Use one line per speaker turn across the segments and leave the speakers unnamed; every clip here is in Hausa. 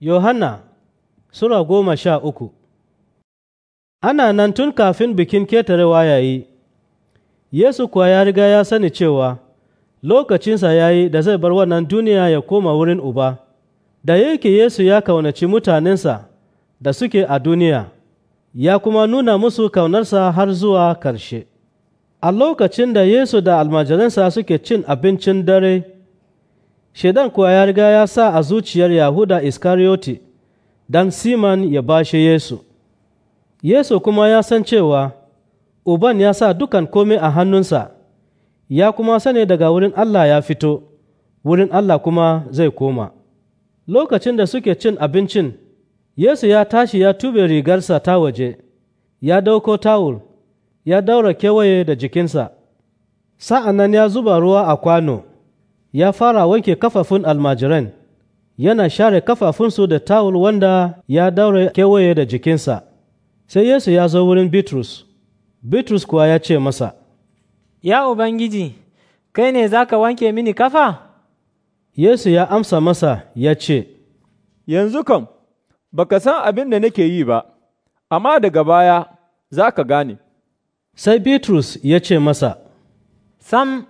Yohanna Sura goma sha uku Ana nan tun kafin bikin ketarewa ya yi, Yesu kuwa ya riga ya sani cewa lokacinsa ya yi da zai bar wannan duniya ya koma wurin Uba, da yake Yesu ya kaunaci mutanensa da suke a duniya, ya kuma nuna musu kaunarsa har zuwa karshe A lokacin da Yesu da almajiransa suke cin abincin dare, Shaidan kuwa ya riga ya sa a zuciyar Yahuda Iskariyoti don Siman ya bashe Yesu. Yesu kuma ya san cewa Uban ya sa dukan komai a hannunsa, ya kuma sani daga wurin Allah ya fito, wurin Allah kuma zai koma. Lokacin da suke cin abincin, Yesu ya tashi ya tube rigarsa ta waje, ya dauko tawul, ya daura kewaye da jikinsa, sa'an nan ya zuba ruwa a kwano. ya fara wanke kafafun almajiran yana share kafafunsu da tawul wanda ya daure kewaye da jikinsa sai yesu ya zo wurin bitrus bitrus kuwa ya ce masa
ya ubangiji kai ne za ka wanke mini kafa
yesu ya amsa masa ya ce yanzu kam baka san abin da nake yi ba amma daga baya za ka gane sai bitrus ya ce masa sam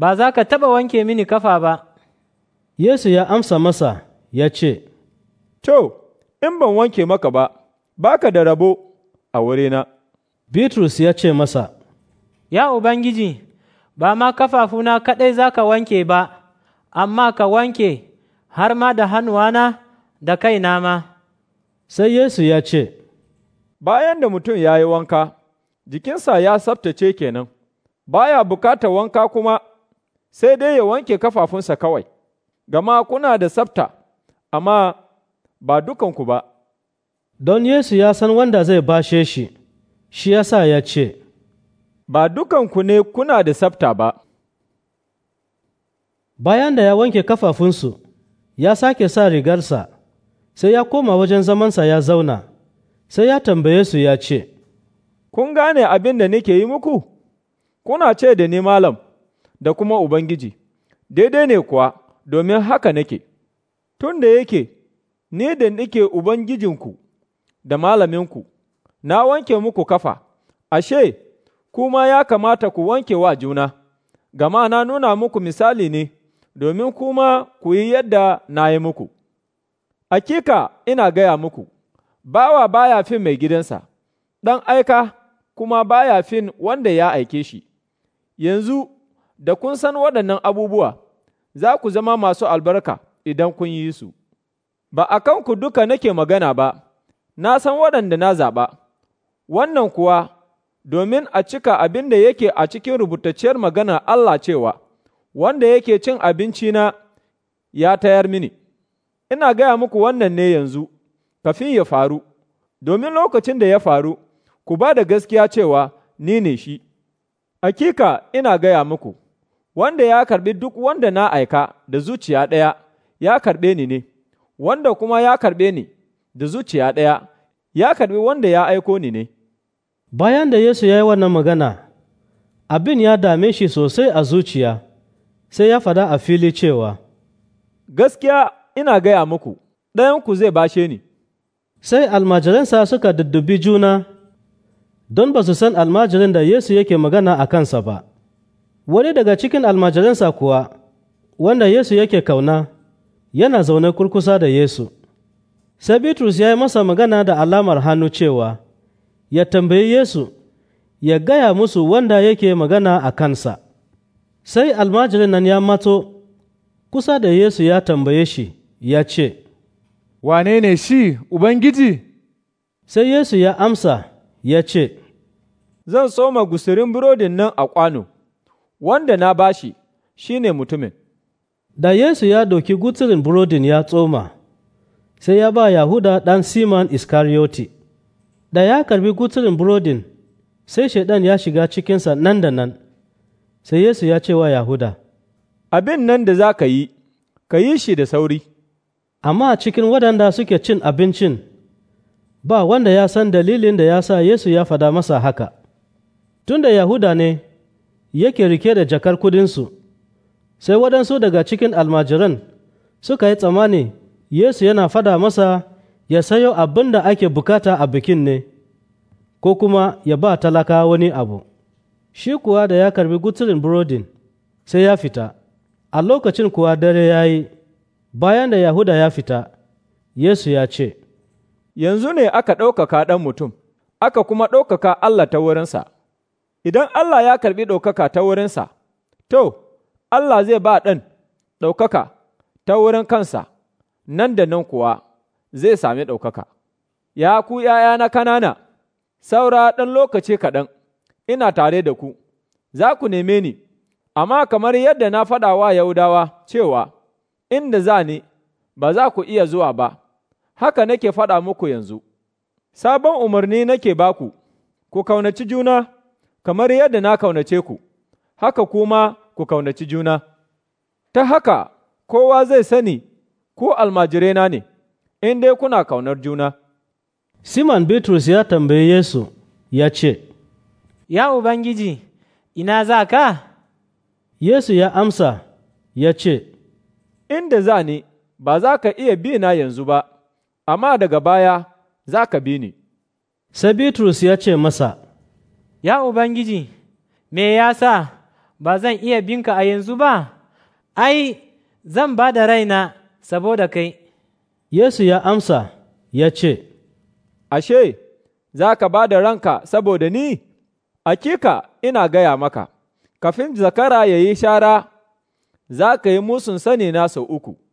ba za ka taɓa wanke mini kafa ba.
Yesu ya amsa masa ya ce, To, in ban wanke maka ba, baka da rabo a wurina. Bitrus ya ce masa,
Ya Ubangiji, ba ma kafafuna kaɗai za ka wanke ba, amma ka wanke har ma da hannuwana da kaina ma.
Sai Yesu ya ce,
Bayan da mutum ya yi
wanka, jikinsa ya tsaftace kenan, baya bukata wanka kuma sai dai ya wanke kafafunsa kawai, gama kuna da tsafta, amma ba dukanku ba. Don Yesu ya san wanda zai bashe shi, shi ya sa ya ce, Ba dukanku ne kuna da tsafta ba.
Bayan da ya wanke kafafunsu, ya sake sa rigarsa, sai ya koma wajen zamansa ya zauna, sai ya tambaye su ya ce,
Kun gane abin da nake yi muku? Kuna ce da ni malam. da kuma Ubangiji, daidai ne kuwa domin haka nake, tun da yake, ni da nake Ubangijinku da malaminku, na wanke muku kafa, ashe, kuma ya kamata ku wanke wa juna, gama na nuna muku misali ne, domin kuma ku yi yadda na yi muku. Akika ina gaya muku, bawa baya fin mai gidansa, ɗan aika kuma baya fin wanda ya aike shi, yanzu da kun san waɗannan abubuwa, za ku zama masu albarka idan kun yi su. Ba a kan ku duka nake magana ba, na san waɗanda na zaɓa, wannan kuwa domin a cika abin da yake a cikin rubutacciyar magana Allah cewa, wanda yake cin abincina ya tayar mini. Ina gaya muku wannan ne yanzu, kafin ya faru, domin lokacin da ya faru, ku ba da gaskiya cewa ni ne shi. Hakika ina gaya muku. wanda ya karbi duk wanda na aika da zuciya ɗaya ya karbe ni ne, wanda kuma ya karbe ni da zuciya ɗaya ya karbi wanda ya aiko ni ne. Bayan da Yesu ya yi wannan magana, abin ya dame shi sosai a zuciya,
sai ya fada a fili cewa, Gaskiya ina gaya muku, ku zai bashe ni. Sai almajiransa suka duddubi juna, don ba su san almajirin da Yesu yake magana a kansa ba. wani daga cikin almajiransa kuwa wanda Yesu yake kauna yana zaune kurkusa da Yesu sai Bitrus ya yi masa magana da alamar hannu cewa ya tambayi Yesu ya gaya musu wanda yake magana a kansa sai almajirin nan ya mato kusa da Yesu ya tambaye shi ya ce
wane ne shi Ubangiji sai Yesu ya amsa ya ce zan soma gusirin burodin nan a kwano wanda na bashi shi ne mutumin. Da Yesu ya doki gutsurin burodin ya tsoma,
sai ya ba Yahuda ɗan Siman iskarioti. Da ya karbi gutsurin burodin, sai Shaiɗan ya shiga cikinsa nan da nan, sai Yesu ya ce wa Yahuda, Abin nan da za ka yi, ka yi shi da sauri. Amma cikin waɗanda suke cin abincin, ba wanda ya san dalilin da ya sa Yesu ya fada masa haka. Tunda Yahuda ne, yake rike da jakar kudinsu sai waɗansu daga cikin almajiran suka yi tsammani yesu yana fada masa ya sayo abin da ake bukata a bikin ne ko kuma ya ba talaka wani abu shi kuwa da ya karbi guturin burodin sai ya fita a lokacin kuwa dare ya yi bayan da yahuda ya fita
yesu ya ce yanzu ne aka ɗaukaka ɗan mutum aka kuma ɗaukaka allah ta wurinsa Idan Allah ya karɓi ɗaukaka ta wurinsa, to, Allah zai ba ɗan ɗaukaka ta wurin kansa, nan da nan kuwa zai sami ɗaukaka. Ya ku ’ya'ya na kanana, saura ɗan lokaci kaɗan, ina tare da ku, za ku neme ni, amma kamar yadda na faɗa wa Yahudawa cewa, inda za ni, ba za ku iya zuwa ba, haka nake faɗa muku yanzu. Sabon umarni nake baku, ku kaunaci juna. kamar yadda na kaunace ku, haka kuma ku kaunaci juna, ta haka kowa zai sani ku almajirena ne,
in dai kuna kaunar juna.
Siman Bitrus ya tambaye Yesu ya ce,
Ya Ubangiji, ina za ka? Yesu ya
amsa ya ce, Inda za ni, ba za ka iya bi na yanzu ba, amma daga baya za ka bi ni. Sai Bitrus ya ce masa,
Ya Ubangiji, me ya sa ba zan iya binka a yanzu ba, ai, zan ba da raina saboda kai. Yesu
ya amsa ya ce, Ashe, za ka ba da ranka saboda ni? Akika ina gaya maka, kafin zakara ya yi shara, za ka yi musun sani na sau uku.